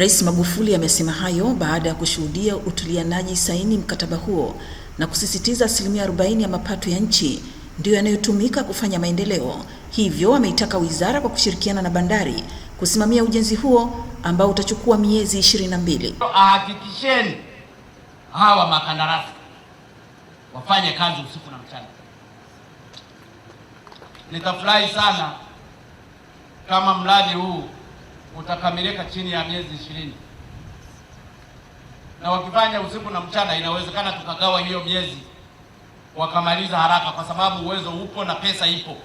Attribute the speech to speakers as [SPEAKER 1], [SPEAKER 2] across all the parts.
[SPEAKER 1] Rais Magufuli amesema hayo baada ya kushuhudia utulianaji saini mkataba huo na kusisitiza asilimia 40 ya mapato ya nchi ndiyo yanayotumika kufanya maendeleo. Hivyo ameitaka wizara kwa kushirikiana na bandari kusimamia ujenzi huo ambao utachukua miezi 22.
[SPEAKER 2] Ahakikisheni hawa makandarasi wafanye kazi usiku na mchana. Nitafurahi sana kama mradi huu utakamilika chini ya miezi ishirini, na wakifanya usiku na mchana, inawezekana tukagawa hiyo miezi wakamaliza haraka, kwa sababu uwezo upo na pesa ipo,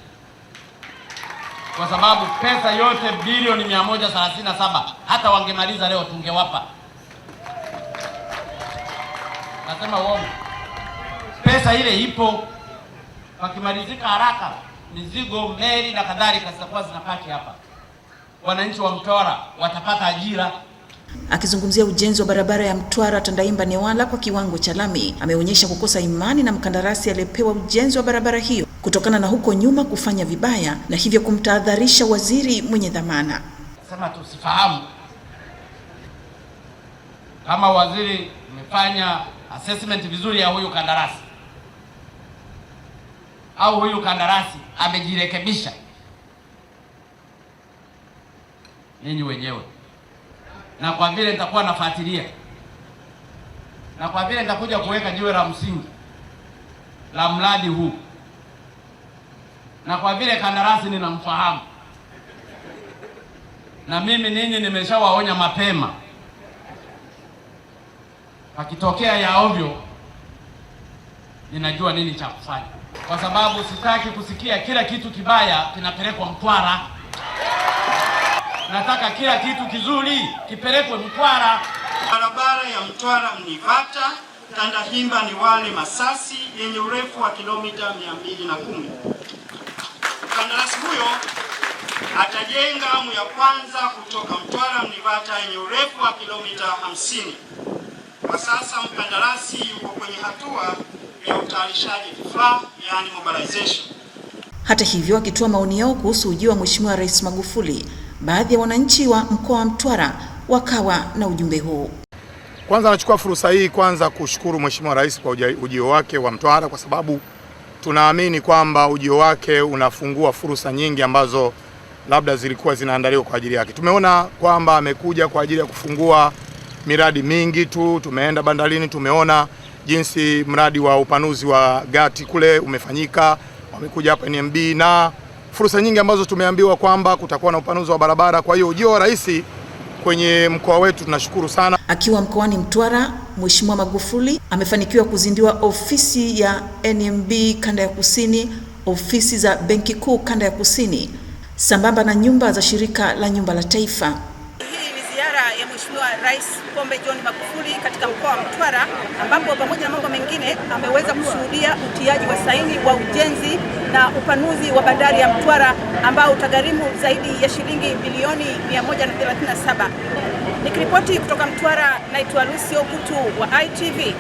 [SPEAKER 2] kwa sababu pesa yote bilioni saba hata wangemaliza leo tungewapa. Nasema uongo? Pesa ile ipo, wakimalizika haraka, mizigo, meli na kadhalika zitakuwa zinapaki hapa wananchi wa Mtwara watapata ajira.
[SPEAKER 1] Akizungumzia ujenzi wa barabara ya Mtwara Tandaimba Newala kwa kiwango cha lami, ameonyesha kukosa imani na mkandarasi aliyepewa ujenzi wa barabara hiyo kutokana na huko nyuma kufanya vibaya na hivyo kumtahadharisha waziri mwenye dhamana.
[SPEAKER 2] Sema tusifahamu kama waziri amefanya assessment vizuri ya huyu kandarasi au huyu kandarasi amejirekebisha. ninyi wenyewe, na kwa vile nitakuwa nafuatilia na kwa vile nitakuja kuweka jiwe la msingi la mradi huu, na kwa vile kandarasi ninamfahamu, na mimi ninyi nimeshawaonya mapema, pakitokea ya ovyo, ninajua nini cha kufanya, kwa sababu sitaki kusikia kila kitu kibaya kinapelekwa Mtwara nataka kila kitu kizuri kipelekwe Mtwara.
[SPEAKER 3] Barabara ya Mtwara Mnivata Tandahimba ni wale Masasi yenye urefu wa kilomita 210. Mkandarasi huyo atajenga awamu ya kwanza kutoka Mtwara Mnivata yenye urefu wa kilomita 50. Kwa sasa mkandarasi yuko kwenye hatua ya utayarishaji vifaa, yani mobilization.
[SPEAKER 1] Hata hivyo, akitoa maoni yao kuhusu ujio wa Mheshimiwa Rais Magufuli Baadhi ya wananchi wa mkoa wa Mtwara wakawa na ujumbe huu.
[SPEAKER 4] Kwanza nachukua fursa hii kwanza kushukuru Mheshimiwa Rais kwa ujio wake wa Mtwara kwa sababu tunaamini kwamba ujio wake unafungua fursa nyingi ambazo labda zilikuwa zinaandaliwa kwa ajili yake. Tumeona kwamba amekuja kwa ajili ya kufungua miradi mingi tu. Tumeenda bandarini, tumeona jinsi mradi wa upanuzi wa gati kule umefanyika. Wamekuja hapa NMB na fursa nyingi ambazo tumeambiwa kwamba kutakuwa na upanuzi wa barabara. Kwa hiyo ujio wa rais kwenye mkoa wetu tunashukuru sana.
[SPEAKER 1] Akiwa mkoani Mtwara, Mheshimiwa Magufuli amefanikiwa kuzindua ofisi ya NMB kanda ya kusini, ofisi za Benki Kuu kanda ya kusini, sambamba na nyumba za Shirika la Nyumba la Taifa
[SPEAKER 5] ya Mheshimiwa Rais Pombe John Magufuli katika mkoa wa Mtwara, ambapo pamoja na mambo mengine ameweza kushuhudia utiaji wa saini wa ujenzi na upanuzi wa bandari ya Mtwara ambao utagharimu zaidi ya shilingi bilioni 137. Nikiripoti kutoka Mtwara, naitwa Lucio Kutu wa ITV.